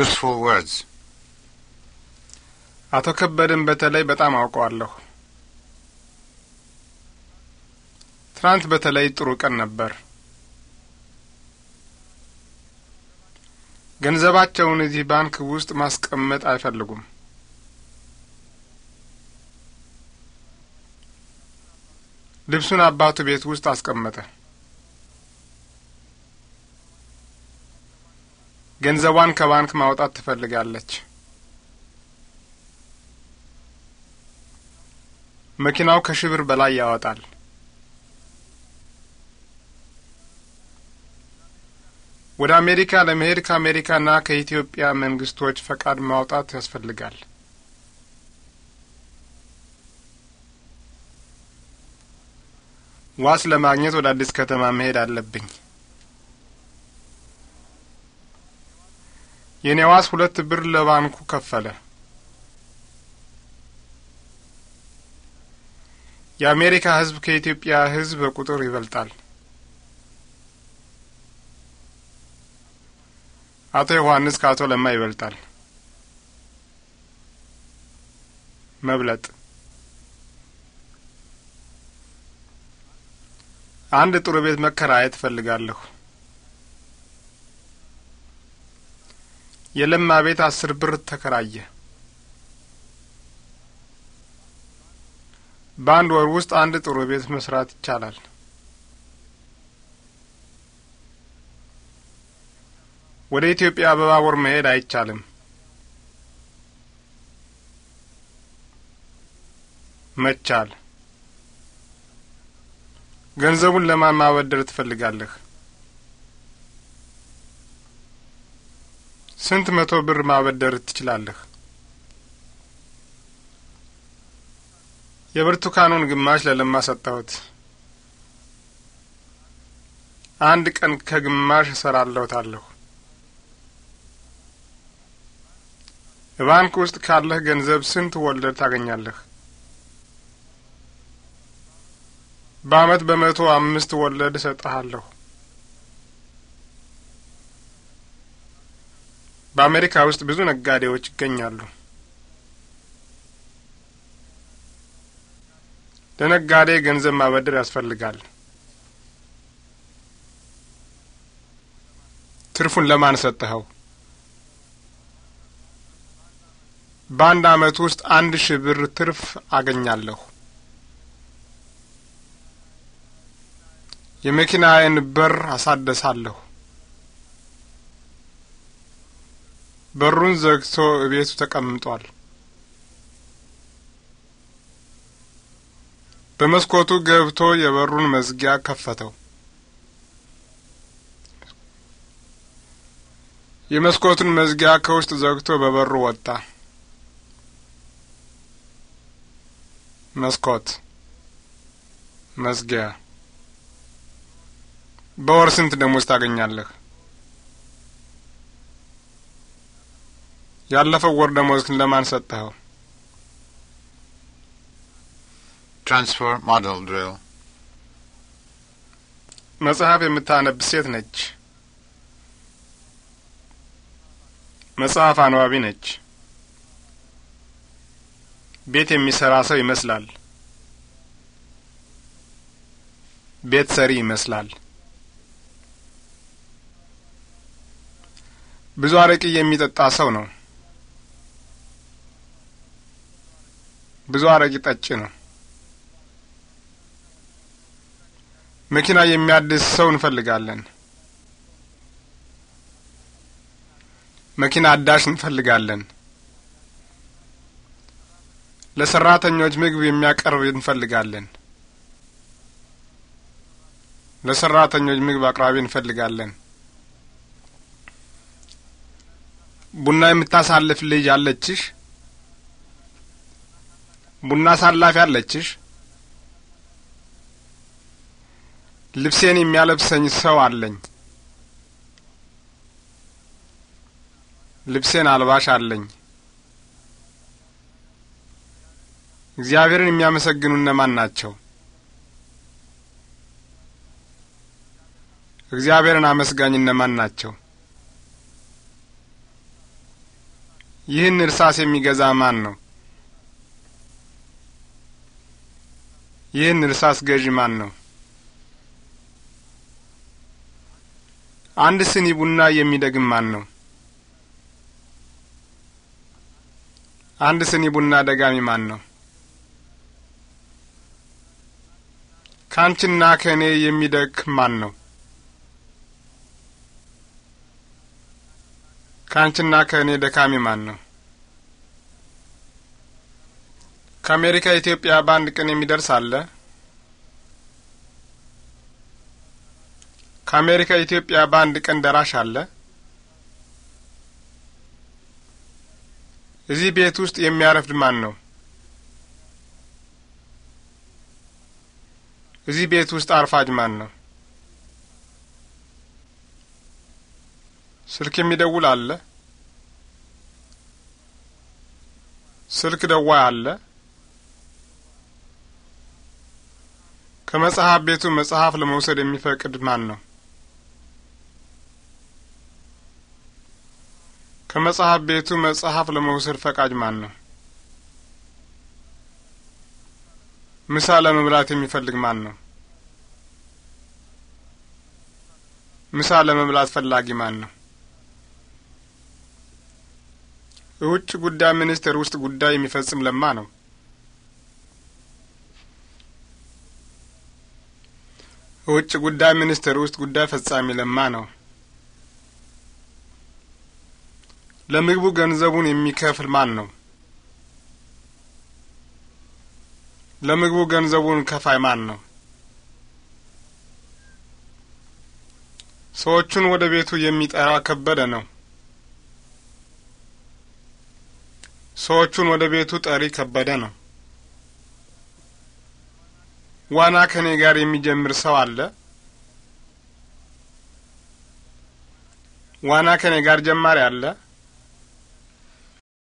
useful words. አቶ ከበድን በተለይ በጣም አውቀዋለሁ። ትናንት በተለይ ጥሩ ቀን ነበር። ገንዘባቸውን እዚህ ባንክ ውስጥ ማስቀመጥ አይፈልጉም። ልብሱን አባቱ ቤት ውስጥ አስቀመጠ። ገንዘቧን ከባንክ ማውጣት ትፈልጋለች። መኪናው ከሺህ ብር በላይ ያወጣል። ወደ አሜሪካ ለመሄድ ከአሜሪካና ከኢትዮጵያ መንግስቶች ፈቃድ ማውጣት ያስፈልጋል። ዋስ ለማግኘት ወደ አዲስ ከተማ መሄድ አለብኝ። የኔዋስ ሁለት ብር ለባንኩ ከፈለ። የአሜሪካ ሕዝብ ከኢትዮጵያ ሕዝብ በቁጥር ይበልጣል። አቶ ዮሐንስ ከአቶ ለማ ይበልጣል። መብለጥ አንድ ጥሩ ቤት መከራየት እፈልጋለሁ። የለማ ቤት አስር ብር ተከራየ። በአንድ ወር ውስጥ አንድ ጥሩ ቤት መስራት ይቻላል። ወደ ኢትዮጵያ በባቡር መሄድ አይቻልም። መቻል ገንዘቡን ለማን ማበደር ትፈልጋለህ? ስንት መቶ ብር ማበደር ትችላለህ? የብርቱካኑን ግማሽ ለለማ ሰጠሁት። አንድ ቀን ከግማሽ እሰራለሁታለሁ። ባንክ ውስጥ ካለህ ገንዘብ ስንት ወለድ ታገኛለህ? በአመት በመቶ አምስት ወለድ እሰጥሃለሁ። በአሜሪካ ውስጥ ብዙ ነጋዴዎች ይገኛሉ። ለነጋዴ ገንዘብ ማበደር ያስፈልጋል። ትርፉን ለማን ሰጠኸው? በአንድ አመት ውስጥ አንድ ሺህ ብር ትርፍ አገኛለሁ። የመኪናዬን በር አሳደሳለሁ። በሩን ዘግቶ እቤቱ ተቀምጧል። በመስኮቱ ገብቶ የበሩን መዝጊያ ከፈተው። የመስኮቱን መዝጊያ ከውስጥ ዘግቶ በበሩ ወጣ። መስኮት፣ መዝጊያ። በወር ስንት ደሞዝ ታገኛለህ? ያለፈው ወር ደሞዝክን ለማን ሰጠኸው? ትራንስፈር ሞዴል ድሪል መጽሐፍ የምታነብ ሴት ነች። መጽሐፍ አንባቢ ነች። ቤት የሚሰራ ሰው ይመስላል። ቤት ሰሪ ይመስላል። ብዙ አረቂ የሚጠጣ ሰው ነው። ብዙ አረቂ ጠጭ ነው። መኪና የሚያድስ ሰው እንፈልጋለን። መኪና አዳሽ እንፈልጋለን። ለሰራተኞች ምግብ የሚያቀርብ እንፈልጋለን። ለሰራተኞች ምግብ አቅራቢ እንፈልጋለን። ቡና የምታሳልፍ ልጅ አለችሽ? ቡና አሳላፊ አለችሽ? ልብሴን የሚያለብሰኝ ሰው አለኝ። ልብሴን አልባሽ አለኝ። እግዚአብሔርን የሚያመሰግኑ እነማን ናቸው? እግዚአብሔርን አመስጋኝ እነማን ናቸው? ይህን እርሳስ የሚገዛ ማን ነው? ይህን እርሳስ ገዢ ማን ነው? አንድ ስኒ ቡና የሚደግም ማን ነው? አንድ ስኒ ቡና ደጋሚ ማን ነው? ካንቺና ከእኔ የሚደግ ማን ነው? ካንቺና ከእኔ ደካሚ ማን ነው? ከአሜሪካ ኢትዮጵያ በአንድ ቀን የሚደርስ አለ? ከአሜሪካ ኢትዮጵያ በአንድ ቀን ደራሽ አለ? እዚህ ቤት ውስጥ የሚያረፍድ ማን ነው? እዚህ ቤት ውስጥ አርፋጅ ማን ነው? ስልክ የሚደውል አለ? ስልክ ደዋይ አለ? ከመጽሐፍ ቤቱ መጽሐፍ ለመውሰድ የሚፈቅድ ማን ነው? ከመጽሐፍ ቤቱ መጽሐፍ ለመውሰድ ፈቃጅ ማን ነው? ምሳ ለመብላት የሚፈልግ ማን ነው? ምሳ ለመብላት ፈላጊ ማን ነው? የውጭ ጉዳይ ሚኒስቴር ውስጥ ጉዳይ የሚፈጽም ለማ ነው። ውጭ ጉዳይ ሚኒስቴር ውስጥ ጉዳይ ፈጻሚ ለማ ነው። ለምግቡ ገንዘቡን የሚከፍል ማን ነው? ለምግቡ ገንዘቡን ከፋይ ማን ነው? ሰዎቹን ወደ ቤቱ የሚጠራ ከበደ ነው። ሰዎቹን ወደ ቤቱ ጠሪ ከበደ ነው። ዋና ከኔ ጋር የሚጀምር ሰው አለ? ዋና ከኔ ጋር ጀማሪ አለ?